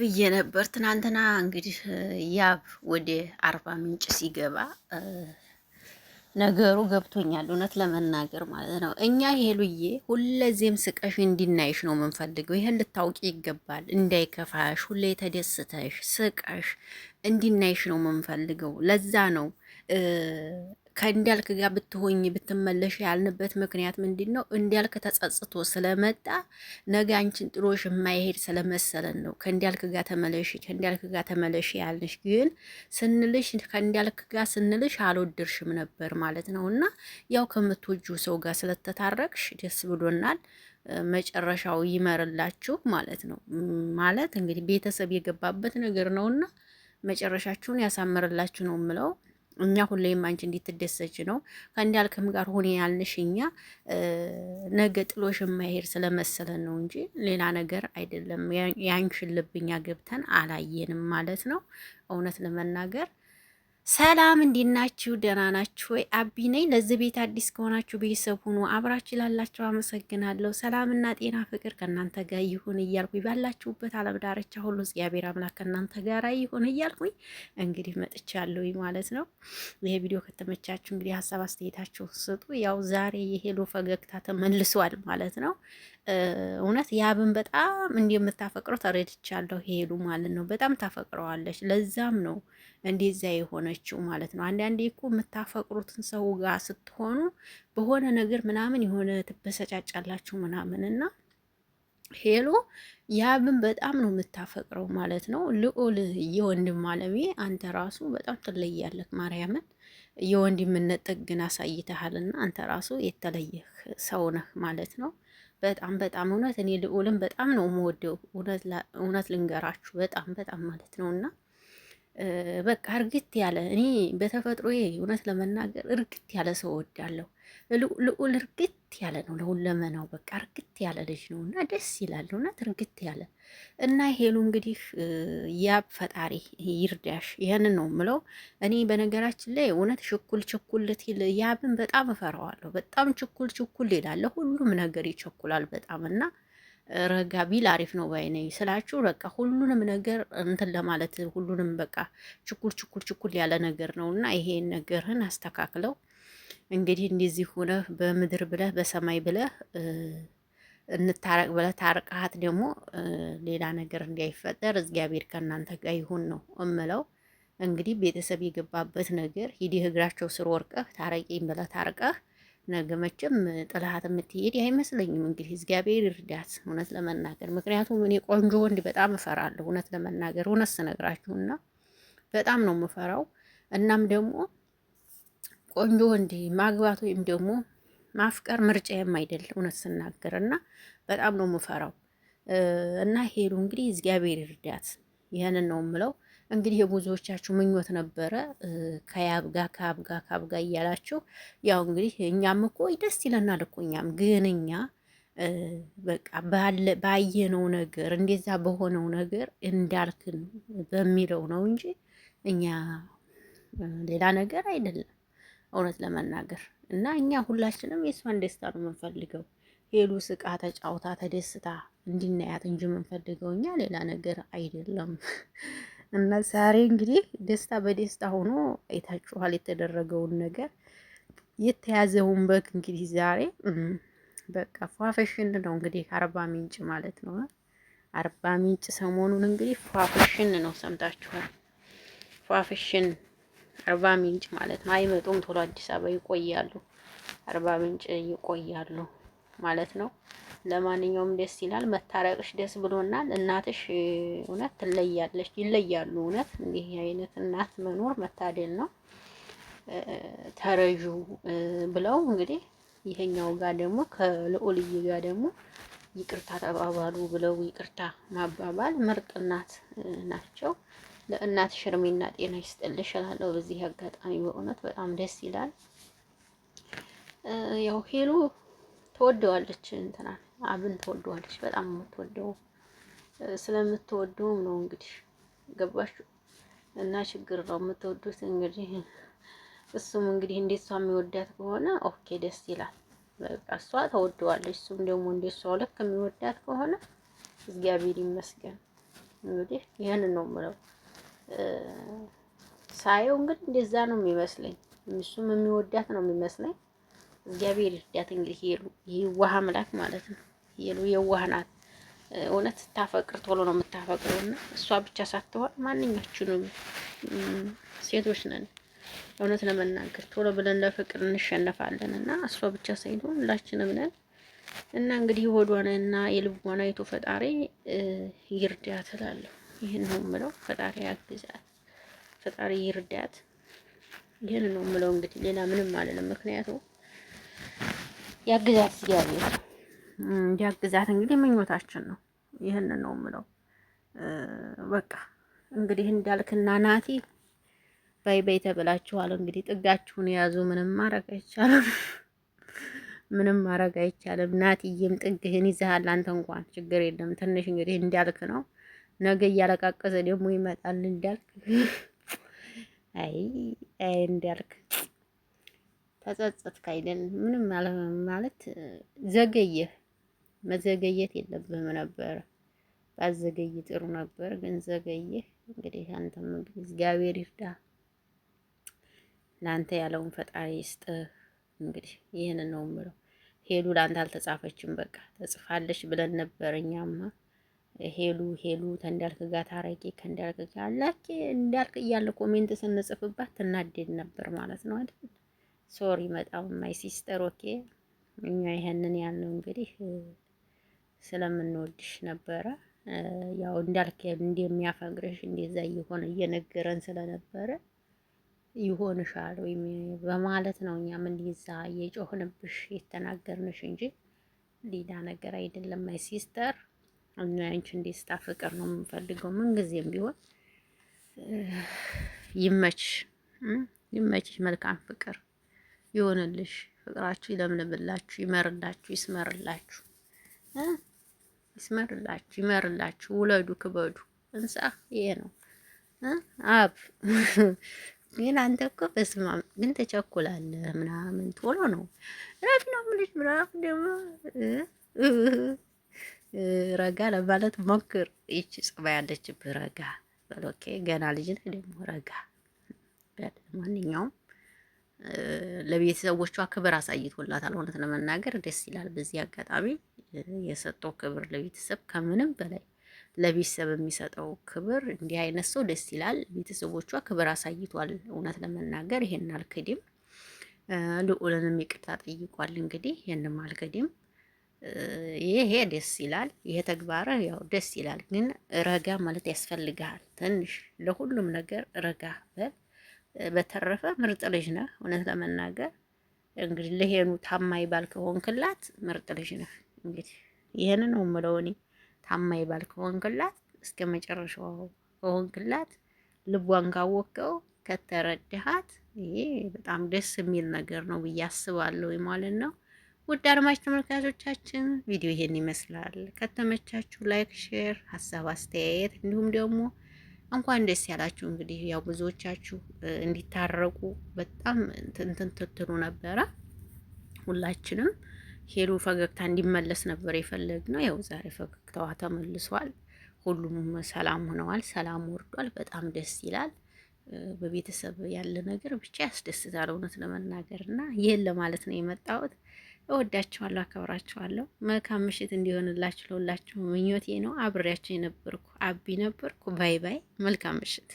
ብዬ ነበር። ትናንትና እንግዲህ ያብ ወደ አርባ ምንጭ ሲገባ ነገሩ ገብቶኛል፣ እውነት ለመናገር ማለት ነው። እኛ ሄሉዬ ሁለዚህም ስቀሽ እንዲናይሽ ነው የምንፈልገው። ይህን ልታውቂ ይገባል። እንዳይከፋሽ፣ ሁሌ ተደስተሽ ስቀሽ እንዲናይሽ ነው የምንፈልገው። ለዛ ነው ከእንዳልክ ጋር ብትሆኝ ብትመለሽ ያልንበት ምክንያት ምንድን ነው? እንዲያልክ ተጸጽቶ ስለመጣ ነገ አንቺን ጥሎሽ የማይሄድ ስለመሰለን ነው። ከእንዳልክ ጋር ተመለሽ፣ ከእንዳልክ ጋር ተመለሽ ያልንሽ ግን ስንልሽ ከእንዳልክ ጋር ስንልሽ አልወድርሽም ነበር ማለት ነው። እና ያው ከምትወጁ ሰው ጋር ስለተታረቅሽ ደስ ብሎናል። መጨረሻው ይመርላችሁ ማለት ነው። ማለት እንግዲህ ቤተሰብ የገባበት ነገር ነውና መጨረሻችሁን ያሳምርላችሁ ነው የምለው። እኛ ሁሌም አንቺ እንዲትደሰች ነው ከእንዳልክም ጋር ሁኔ ያልንሽ እኛ ነገ ጥሎሽ የማይሄድ ስለመሰለን ነው እንጂ ሌላ ነገር አይደለም። ያንቺን ልብኛ ገብተን አላየንም ማለት ነው እውነት ለመናገር ሰላም እንዲናችሁ ናችሁ? ደህና ናችሁ ወይ? አቢ ነኝ። ለዚህ ቤት አዲስ ከሆናችሁ ቤተሰብ ሁኑ። አብራችሁ ላላችሁ አመሰግናለሁ። ሰላምና ጤና ፍቅር ከእናንተ ጋር ይሁን እያልኩኝ ባላችሁበት ዓለም ዳርቻ ሁሉ እግዚአብሔር አምላክ ከእናንተ ጋር ይሁን እያልኩኝ እንግዲህ መጥቻለሁ ማለት ነው። ይሄ ቪዲዮ ከተመቻችሁ እንግዲህ ሀሳብ አስተያየታችሁ ስጡ። ያው ዛሬ የሄሎ ፈገግታ ተመልሷል ማለት ነው። እውነት ያብን በጣም እንደምታፈቅረው ተረድቻለሁ። ሄሉ ማለት ነው በጣም ታፈቅረዋለች። ለዛም ነው እንደዚያ የሆነችው ማለት ነው። አንዳንዴ እኮ የምታፈቅሩትን ሰው ጋር ስትሆኑ በሆነ ነገር ምናምን የሆነ ትበሰጫጫላችሁ ምናምን እና ሄሎ ያብን በጣም ነው የምታፈቅረው ማለት ነው። ልዑል የወንድም አለሜ አንተ ራሱ በጣም ትለያለህ። ማርያምን የወንድምነት ጥግን አሳይተሃልና አንተ ራሱ የተለየህ ሰው ነህ ማለት ነው። በጣም በጣም እውነት እኔ ልዑልን በጣም ነው የምወደው እውነት ልንገራችሁ በጣም በጣም ማለት ነው እና በቃ እርግት ያለ እኔ በተፈጥሮ እውነት ለመናገር እርግት ያለ ሰው እወዳለሁ። ልዑል እርግት ያለ ነው፣ ለሁለመናው በቃ እርግት ያለ ልጅ ነው እና ደስ ይላል። እውነት እርግት ያለ እና ሄሉ እንግዲህ ያብ ፈጣሪ ይርዳሽ፣ ይህን ነው ምለው። እኔ በነገራችን ላይ እውነት ችኩል ችኩል ልትል ያብን በጣም እፈራዋለሁ። በጣም ችኩል ችኩል ይላል፣ ሁሉም ነገር ይቸኩላል በጣም እና ረጋ ቢል አሪፍ ነው ነኝ ስላችሁ በቃ ሁሉንም ነገር እንትን ለማለት ሁሉንም በቃ ችኩል ችኩል ችኩል ያለ ነገር ነው እና ይሄን ነገርህን አስተካክለው። እንግዲህ እንደዚህ ሆነህ በምድር ብለህ በሰማይ ብለህ እንታረቅ ብለህ ታርቃሃት ደግሞ ሌላ ነገር እንዳይፈጠር እግዚአብሔር ከእናንተ ጋር ይሁን ነው እምለው። እንግዲህ ቤተሰብ የገባበት ነገር ሂዲህ እግራቸው ስር ወርቀህ ታረቂኝ ብለህ ታርቀህ ነገ መቼም ጥልሃት የምትሄድ አይመስለኝም። እንግዲህ እግዚአብሔር ይርዳት እውነት ለመናገር ምክንያቱም እኔ ቆንጆ ወንድ በጣም እፈራለሁ እውነት ለመናገር እውነት ስነግራችሁና በጣም ነው የምፈራው። እናም ደግሞ ቆንጆ ወንድ ማግባት ወይም ደግሞ ማፍቀር ምርጫ የማይደል እውነት ስናገር እና በጣም ነው የምፈራው እና ሄዱ እንግዲህ እግዚአብሔር ይርዳት። ይህንን ነው የምለው። እንግዲህ የብዙዎቻችሁ ምኞት ነበረ ከያብጋ ከአብጋ ከአብጋ እያላችሁ ያው እንግዲህ እኛም እኮ ደስ ይለናል እኮ እኛም ግን እኛ በቃ ባየነው ነገር እንደዛ በሆነው ነገር እንዳልክን በሚለው ነው እንጂ እኛ ሌላ ነገር አይደለም። እውነት ለመናገር እና እኛ ሁላችንም የእሷን ደስታ ነው የምንፈልገው። ሄሉ ስቃ ተጫውታ ተደስታ እንድናያት እንጂ የምንፈልገው እኛ ሌላ ነገር አይደለም። እና ዛሬ እንግዲህ ደስታ በደስታ ሆኖ አይታችኋል የተደረገውን ነገር የተያዘውን በግ እንግዲህ ዛሬ በቃ ፏፈሽን ነው እንግዲህ አርባ ምንጭ ማለት ነው። አርባ ምንጭ ሰሞኑን እንግዲህ ፏፈሽን ነው ሰምታችኋል። ፏፈሽን አርባ ምንጭ ማለት ነው። አይመጡም ቶሎ አዲስ አበባ ይቆያሉ፣ አርባ ምንጭ ይቆያሉ ማለት ነው። ለማንኛውም ደስ ይላል መታረቅሽ ደስ ብሎናል። እናትሽ እውነት ትለያለች፣ ይለያሉ። እውነት እንዲህ አይነት እናት መኖር መታደል ነው። ተረዡ ብለው እንግዲህ ይሄኛው ጋር ደግሞ ከልዑልዬ ጋር ደግሞ ይቅርታ ተባባሉ ብለው ይቅርታ ማባባል ምርጥ እናት ናቸው። ለእናት እድሜና ጤና ይስጥልሽ እላለሁ። በዚህ አጋጣሚ በእውነት በጣም ደስ ይላል። ያው ሄሉ ተወደዋለች እንትና አብን ትወደዋለች። በጣም የምትወደው ስለምትወደውም ነው እንግዲህ ገባሽ እና ችግር ነው የምትወዱት እንግዲህ እሱም እንግዲህ እንዴት እሷ የሚወዳት ከሆነ ኦኬ ደስ ይላል። በቃ እሷ ተወደዋለች። እሱም ደግሞ እንዴት እሷ ልክ የሚወዳት ከሆነ እግዚአብሔር ይመስገን። እንግዲህ ይህንን ነው የምለው። ሳየው እንግዲህ እንደዛ ነው የሚመስለኝ። እሱም የሚወዳት ነው የሚመስለኝ። እግዚአብሔር ይርዳት። እንግዲህ ሄሉ የዋህ አምላክ ማለት ነው። ሄሉ የዋህ ናት። እውነት ስታፈቅር ቶሎ ነው የምታፈቅረው እና እሷ ብቻ ሳትሆን ማንኛችንም ሴቶች ነን እውነት ለመናገር ቶሎ ብለን ለፍቅር እንሸነፋለን እና እሷ ብቻ ሳይሆን ሁላችንም ነን እና እንግዲህ እና የልቧን አይቶ ፈጣሪ ይርዳት እላለሁ። ይህን ነው የምለው። ፈጣሪ ያግዛት፣ ፈጣሪ ይርዳት። ይህን ነው የምለው። እንግዲህ ሌላ ምንም አልልም፣ ምክንያቱም ያግዛት እግዚአብሔር ያግዛት። እንግዲህ ምኞታችን ነው። ይህንን ነው የምለው። በቃ እንግዲህ እንዳልክና ናቲ ባይ ባይ ተብላችኋል። እንግዲህ ጥጋችሁን የያዙ ምንም ማድረግ አይቻልም። ምንም ማድረግ አይቻልም። ናትዬም ጥግህን ይዘሃል። አንተ እንኳን ችግር የለም ትንሽ እንግዲህ እንዳልክ ነው። ነገ እያለቃቀሰ ደግሞ ይመጣል እንዳልክ። አይ አይ እንዳልክ ተጸጸትክ አይደል? ምንም ማለት ዘገየህ። መዘገየት የለብህም ነበር። ባዘገይ ጥሩ ነበር፣ ግን ዘገየህ። እንግዲህ አንተም እግዚአብሔር ይርዳ፣ ለአንተ ያለውን ፈጣሪ ይስጥህ። እንግዲህ ይህንን ነው የምለው። ሄሉ ለአንተ አልተጻፈችም። በቃ ተጽፋለች ብለን ነበር እኛማ ሄሉ ሄሉ ተንዳልክ ጋር ታረቂ ከእንዳልክ ጋር ላኪ እንዳልክ እያለ ኮሜንት ስንጽፍባት ትናደድ ነበር ማለት ነው አይደል? ሶሪ በጣም ማይ ሲስተር ኦኬ። እኛ ይሄንን ያልነው እንግዲህ ስለምንወድሽ ነበረ። ያው እንዳልክ እንደሚያፈቅርሽ እንደዛ እየሆነ እየነገረን ስለነበረ ይሆንሻል ወይም በማለት ነው እኛም እንደዛ እየጮህንብሽ የተናገርንሽ እንጂ ሌላ ነገር አይደለም። ማይ ሲስተር እኛ አንቺ እንደስታ ፍቅር ነው የምንፈልገው። ምንጊዜም ቢሆን ይመች ይመችሽ። መልካም ፍቅር ይሆንልሽ፣ ፍቅራችሁ ይለምልምላችሁ፣ ይመርላችሁ፣ ይስመርላችሁ፣ ይስመርላችሁ፣ ይመርላችሁ፣ ውለዱ፣ ክበዱ። እንሳ ይሄ ነው አብ ግን አንተ እኮ በስማ ግን ተቸኩላለህ፣ ምናምን ቶሎ ነው ረፍ ነው ምልሽ ምራፍ ደግሞ ረጋ ለማለት ሞክር። ይቺ ጽባ ያለችብህ ረጋ በሎኬ ገና ልጅ ነህ ደግሞ ረጋ ማንኛውም ለቤተሰቦቿ ክብር አሳይቶላታል። እውነት ለመናገር ደስ ይላል። በዚህ አጋጣሚ የሰጠው ክብር ለቤተሰብ ከምንም በላይ ለቤተሰብ የሚሰጠው ክብር እንዲህ አይነት ሰው ደስ ይላል። ቤተሰቦቿ ክብር አሳይቷል። እውነት ለመናገር ይሄን አልክድም። ልዑልንም ይቅርታ ጠይቋል። እንግዲህ ይህንም አልክድም። ይሄ ደስ ይላል። ይሄ ተግባርህ ያው ደስ ይላል፣ ግን ረጋ ማለት ያስፈልግሃል። ትንሽ ለሁሉም ነገር ረጋ በል በተረፈ ምርጥ ልጅ ነህ። እውነት ለመናገር እንግዲህ ለሄኑ ታማኝ ባል ከሆንክላት ምርጥ ልጅ ነህ። እንግዲህ ይሄንን ነው የምለው እኔ። ታማኝ ባል ከሆንክላት እስከ መጨረሻው ከሆንክላት፣ ልቧን ካወቀው ከተረዳሃት፣ ይሄ በጣም ደስ የሚል ነገር ነው ብዬ አስባለሁ ማለት ነው። ውድ አድማጭ ተመልካቾቻችን ቪዲዮ ይሄን ይመስላል። ከተመቻችሁ ላይክ፣ ሼር፣ ሀሳብ አስተያየት እንዲሁም ደግሞ እንኳን ደስ ያላችሁ። እንግዲህ ያው ብዙዎቻችሁ እንዲታረቁ በጣም እንትን ትትሉ ነበረ። ሁላችንም ሄሉ ፈገግታ እንዲመለስ ነበር የፈለግነው። ያው ዛሬ ፈገግታዋ ተመልሷል። ሁሉም ሰላም ሆነዋል። ሰላም ወርዷል። በጣም ደስ ይላል። በቤተሰብ ያለ ነገር ብቻ ያስደስታል እውነት ለመናገር እና ይህን ለማለት ነው የመጣሁት። እወዳችኋለሁ፣ አከብራችኋለሁ። መልካም ምሽት እንዲሆንላችሁ ለሁላችሁ ምኞቴ ነው። አብሬያችሁ የነበርኩ አቢ ነበርኩ። ባይ ባይ። መልካም ምሽት